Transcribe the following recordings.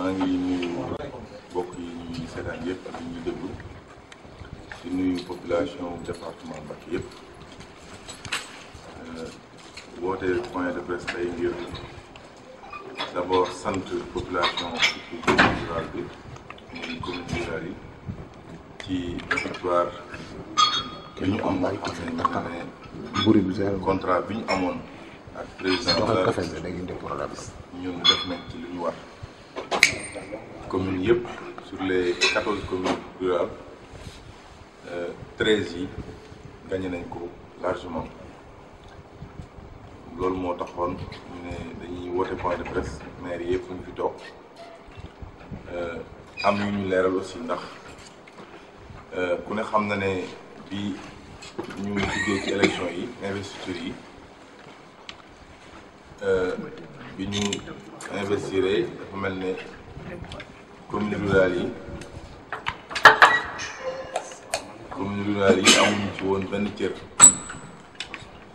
maa ngi nuyu mbokk yi ñuy seetaan yëpp ak ñuy déglu ci nuyu population département Mbacké yëpp euh, woote point de presse tey ngir d'abord sant population surtout commune rurale bi muy commune rurale bi ñu am ak xam ne contrat bi ñu amoon ak président de la ñun def nañ ci lu ñu war communes yëpp sur les quatorze communes rurales euh, treize yi gagné nañ ko largement loolu moo taxoon ñu ne dañuy woote point de presse maire yëpp ñu fi toog euh, am ñu ñu leeral aussi ndax euh, ku ne xam na ne bi ñu duggee ci élection yi investiture yi bi ñu investiré dafa mel ne commune rurale yi commune rurale yi amuñu ci woon benn cër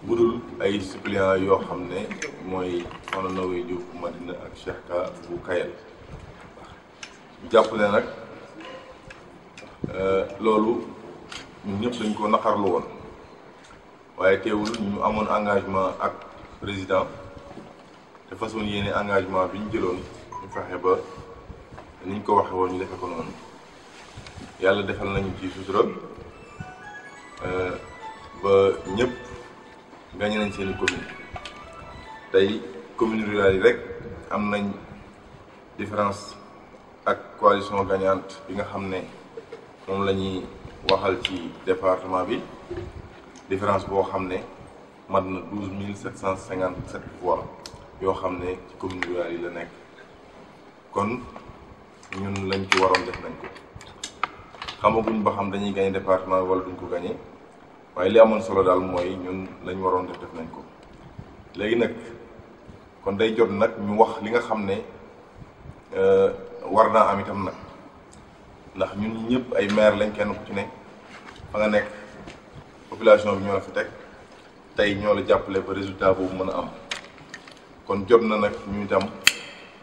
budul ay suppléants yoo xam ne mooy soxna Noé Diouf Madina ak Cheikh bu Kayel jàpp ne nag euh, loolu ñun ñëpp dañ ko naqarlu woon waaye teewul ñu amoon engagement ak président te façon yéene engagement bi ñu jëloon ñu fexe ba niñ ko waxe woon ñu ko noonu yàlla defal nañu ci sutura euh, ba ñëpp gagné nañ seeni commune tey commune rurale yi rek am nañ différence ak coalition gagnante bi nga xam ne moom la ñuy waxal ci département bi différence boo xam ne mat na douze mille sept cent cinquante sept yoo xam ne ci commune rurale yi la nekk kon ñun lañ ci waroon def nañ ko xamaguñ ba xam dañuy gañe département wala duñ ko gañe waaye li amoon solo daal mooy ñun lañ waroon def def nañ ko léegi nag kon day jot nag ñu wax li nga xam ne euh, war naa am itam nag ndax ñun ñëpp ay maire lañ kenn ku ci ne fa nga nekk population bi ñoo la fi teg tey ñoo la jàppale ba résultat boobu mën a am kon jot na nag ñu itam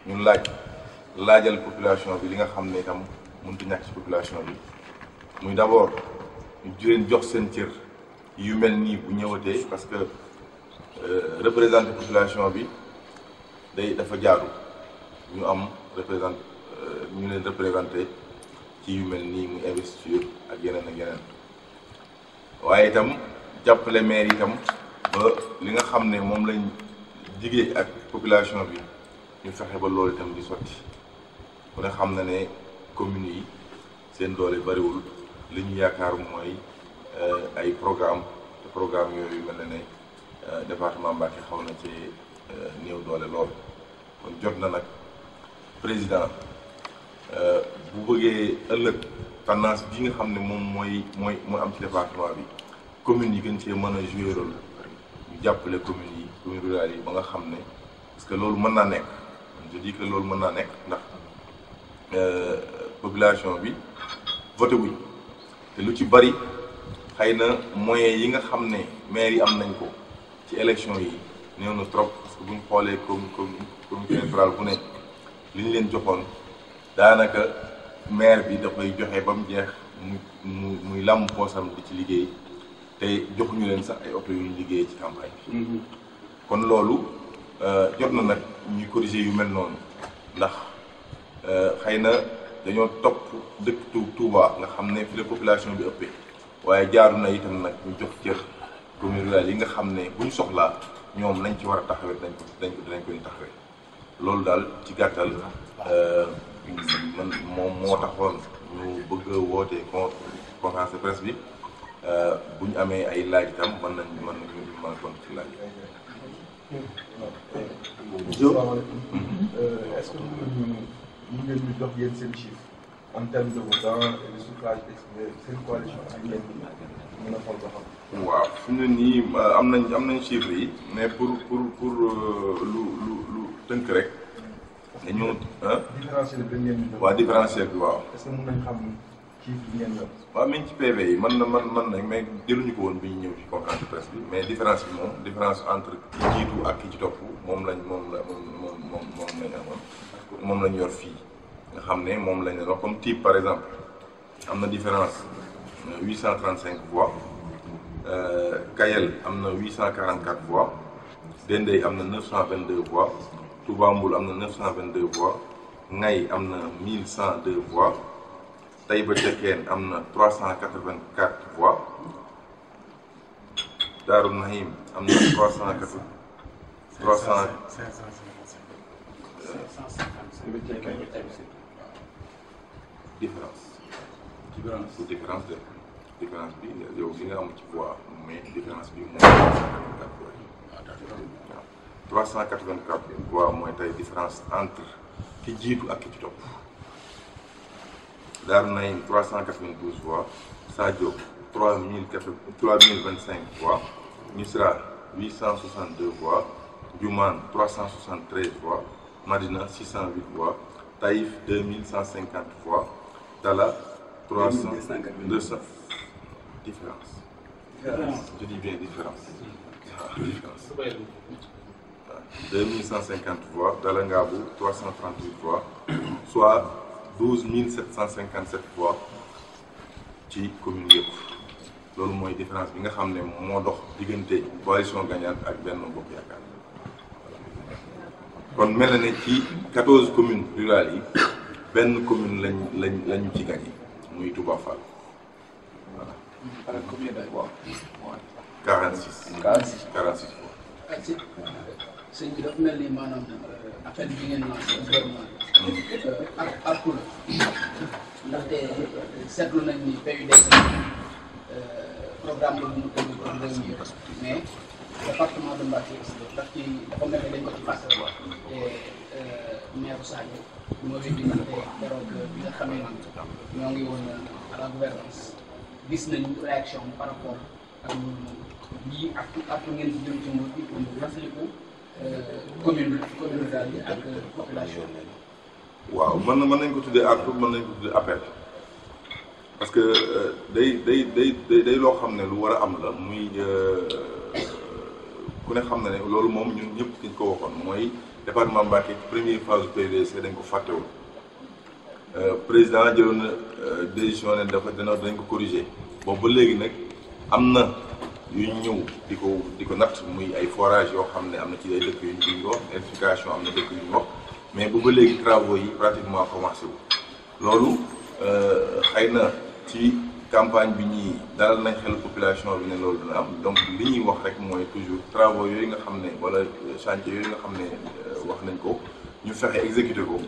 ñun laaj laajal population bi li nga xam ne itam mënut a ñàkk ci population bi muy d'abord ñu di jox seen cër yu mel nii bu ñëwatee parce que euh, représenté population bi day dafa jaaru ñu am représenté euh, ñu leen représenté ci yu mel nii muy investiture ak yeneen ak yeneen waaye itam jàppale maire itam li nga xam ne moom lañ jigee ak population bi ñu fexe ba loolu itam di sotti ku ne xam na ne communes yi seen doole bariwul li ñu yaakaar mooy euh, ay programme te programme yooyu mel na ne euh, département Mbacké xaw na ci euh, néew doole lool kon jot na nag président bu bëggee ëllëg tendance bi nga xam ne moom mooy mooy mooy am ci bi communes yi gën cee mën a jouer jàppale communes yi communes rurales yi ba nga xam ne parce que loolu mën naa nekk je loolu mën naa nekk ndax Euh, population bi voté wuñ te lu ci bari xëy na moyens yi nga xam ne maire yi am nañ ko ci élection yi néew na trop parce que bu ñu xoolee comme comme comité électoral bu ne li ñu leen joxoon daanaka maire bi dafay joxe ba mu jeex mu mu muy làmm poosam di ci liggéey te joxuñu leen sax ay oto yu ñu liggéey ci campagne bi mm-hmm. kon loolu euh, jot na nag ñuy corriger yu mel noonu ndax Euh, xëy na dañoo topp dëkk Touba nga xam ne fi la population bi ëppee waaye jaaru na itam nag ñu jox cër communes rurales yi nga xam ne bu ñu soxlaa ñoom nañ ci war a taxawee dañ ko dañ ko dañ ko ñu taxawee loolu daal ci gàttal euh, man moom moo taxoon ñu bëgg a woote conférence de presse bi euh, bu ñu amee ay laaj itam mën nañ mën nañ mën a tontu ci laaj yi. salaamaaleykum. est-ce que ñu ngeen ñu jox yéen seen chiffre en terme de votants seen coalition ak a xool ba xam. waaw nii äh, am nañ am nañ chiffre yi mais pour pour pour euh, lu lu lu tënk rek. dañoo ah. différentiel bi ngeen ñu waaw nañ xam ci yi man na man man nag mais jëluñu ko woon bi ñu ñëw mais différence bi moom différence entre topp moom lañ moom la moom moom moom lañ amoon. moom la ñu yor fii nga xam ne moom lañ leen comme type par exemple am na différence 835 voix euh, Kayel am na 844 voix Dendey am na 922 voix Touba Mboul am na vingt 922 voix Ngay am na 1102 voix Taïba Cekkeen am na cent 384 voix Daaru Nahim am na 380 300 bibliothèque ak MC différence différence bu différence de différence bi yow si nga am ci voix mais différence bi mooy 384 voix 384 voix mooy tey différence entre ki jiitu ak ki ci topp Daaru Naïm 392 voix Sadio 3025 voix Misra 862 voix Dioumane 373 voix Madina 608 voix Taïf 2150 voix Dala 300 200 différence. différence je dis bien différence. ah différence. 2150 voix Dala Ngabou 338 voix soit 12 757 voix ci commune yëpp. loolu mooy différence bi nga xam ne moo dox diggante coalition gagnante ak benn bokk yaakaar. kon mel na ci quatorze communes rurales yi benn commune lañ lañ lañu ci gagné muy Touba Fall voilà. waaw 46. 46 46 fois. sëñ bi dafa mel ni maanaam euh, appel bi ngeen lancé vraiment euh, ak artu la ndaxte euh, seetlu nañ ni PUDC programme boobu mu tënk ko réew mi mais. département de Mbacké daf ci dafa mel euh, ne nañu réaction par rapport ak lii ak ak ngeen di ci mur bi mu fàttaliku euh, commune commune rurale bi ak population waaw mën na mën nañ ko tuddee artu mën nañ ko tuddee appel parce que euh, day day day day loo xam ne lu war a am la muy ku ne xam na ne loolu moom ñun ñëpp ki ñu ko waxoon mooy département Mbacké ci première phase PDC dañ ko fàttewul euh, président jëloon na euh, décision ne dafa dina dañ ko corriger boobu ba léegi nag am na yu ñëw di ko di ko natt muy ay forage yoo xam ne am na ci ay dëkk yu ñu ko wax am na dëkk yu ñu wax mais bu ba léegi travaux yi pratiquement commencé wu loolu euh, xëy na ci campagne bi ñuy daal nañ xel population bi ne loolu dina am donc li ñuy wax rek mooy toujours travaux yooyu nga xam ne walla euh, chantier yooyu nga xam ne euh, wax nañ ko ñu fexe exécuté ko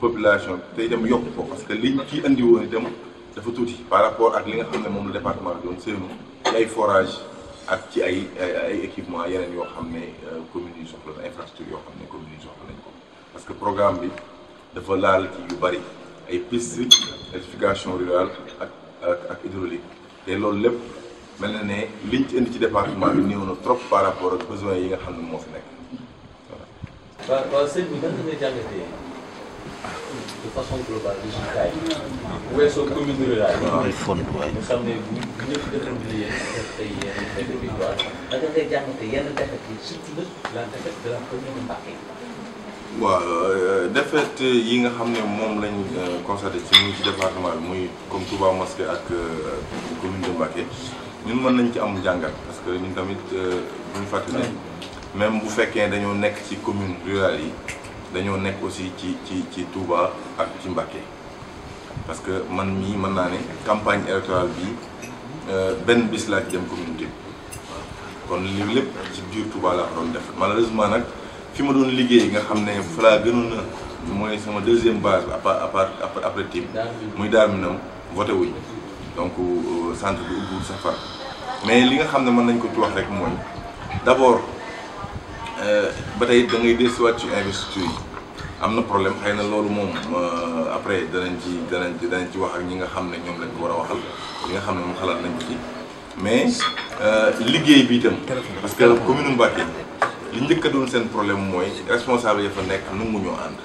population bi tey dem yokk ko parce que liñ ci andi woon itam dafa tuuti par rapport ak li nga xam ne moom la département doon séenu ci ay forage ak ci ay ay équipement yeneen yoo xam ne euh, communes yi soxla na yoo xam ne communes yi soxla nañ ko parce que programme bi dafa laal ci yu bari ay piste électrification rural ak ak hydraulique te loolu lépp mel na ne liñ ci indi ci département li néew na trop par rapport ak besoin yi nga xam ne moo fi nekk voilà. waaw waaw sëñ bi nan la nga xam ne moom lañ euh, constaté ci ñu ci département bi muy comme Touba Mosquée ak euh, commune. Mbacké ñun mën nañ ci am jàngat parce que ñu tamit euh, bu ñu fàttali même bu fekkee dañoo nekk ci commune rurale yi dañoo nekk aussi ci ci ci Touba ak ci Mbacké parce que man mii mën naa ne campagne électorale bi euh, benn bis laa ci dem commune bi kon li lépp ci biir Touba laa ko doon def malheureusement nag fi ma doon liggéey nga xam ne fa laa gënoon a mooy sama deuxième base à part à part après Tip muy Darou Minam voté wuñ donc euh, centre bi ubbiwul sax mais li nga xam ne mën nañ ko ci wax rek mooy d'abord euh, ba tey da ngay dellusiwaat ci investiture yi am na problème xëy na loolu moom euh, après danañ ci danañ ci danañ ci wax ak ñi nga xam ne ñoom lañ war a waxal li nga xam ne moom xalaat nañ ko ci mais liggéey bi itam. parce que commune Mbacké li njëkk a doon seen problème mooy responsable ya fa nekk nanguñoo ànd.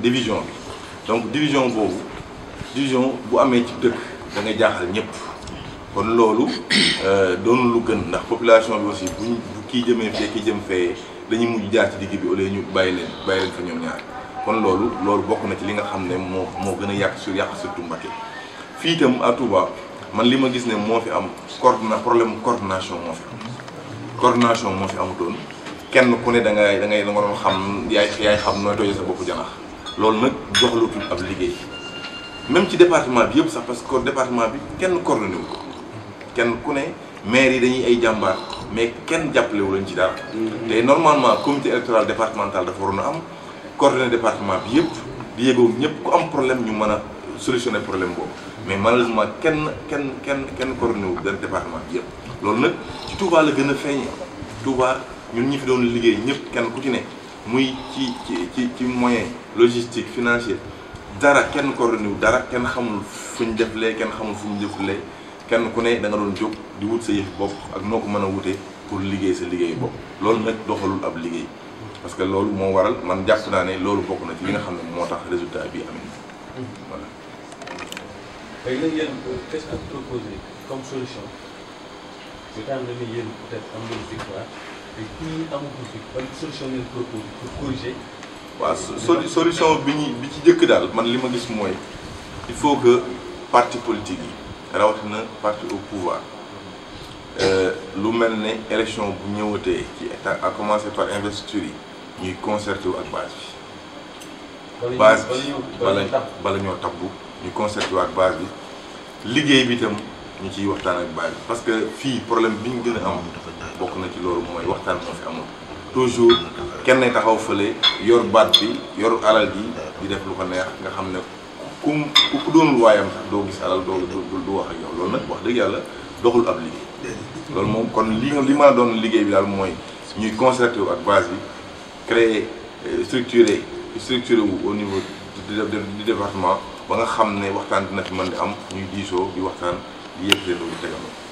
division te division bi donc division boobu. fusion bu amee ci dëkk da ngay jaaxal ñëpp kon loolu euh, doonu lu gën ndax population bi aussi buñ bu kii jëmee fee kii jëm fee dañu mujj jaar ci digg bi au ñu bàyyi leen bàyyi leen fa ñoom ñaar kon loolu loolu bokk na ci li nga xam ne moo moo gën a yàq sur yàq surtout Mbacké fii itam à Touba man li ma gis ne moo fi am coordina problème coordination moo fi am coordination moo fi amutoon kenn ku ne da ngay da ngay da nga doon xam yaay yaay xam nooy toje sa bopp janax loolu nag joxlutul ab liggéey même ci département bi yëpp sax parce que département bi kenn coordonné wu ko kenn ku ne maire yi dañuy ay jàmbaar mais kenn jàppalewu wu leen ci dara. Mm-hmm. te normalement comité électoral départemental dafa waroon a am coordonné département bi yëpp di yégoo ñëpp ku am problème ñu mën a solutionner problème boobu mais malheureusement kenn kenn kenn kenn coordonné wu département bi yëpp. loolu nag ci Touba la gën a feeñee Touba ñun ñi fi doon liggéey ñëpp kenn ku ci muy ci ci ci moyen logistique financier. dara kenn coordonné dara kenn xamul fuñ deflee kenn xamul fu mu kenn ku ne da nga doon jóg di wut sa yëf bopp ak noo ko mën a wutee pour liggéey sa liggéey bopp loolu nag doxalul ab liggéey parce que loolu moo waral man jàpp naa ne loolu bokk na ci li nga xam ne moo tax résultat bi amee voilà. léegi solution ñu daan na ni waaw solu solution bi ñu bi ci jëkk daal man li ma gis mooy il faut que parti politique yi rawatina parti au pouvoir euh, lu mel ni élection bu ñëwatee ci état à commencer par investiture yi ñuy concerté wu ak base bi base bi bala bala ñoo tabbu ñu concerté wu ak base bi liggéey bi itam ñu ciy waxtaan ak base bi parce que fii problème bi ñu gën a am bokk na ci loolu mooy waxtaan moo fi amul kenn taxaw fële yor baat bi yor alal ji di def lu ko neex nga xam ne kum ku doonul waayam sax doo gis alal doo du wax ak yow loolu nag wax dëgg yàlla doxul ab loolu moom kon li li ma doon liggéey bi daal mooy ñuy concerté wu ak base bi créer euh, structuré structuré wu au niveau du département ba nga xam ne waxtaan dina fi mën di am ñuy diisoo di waxtaan di yëpp leen loolu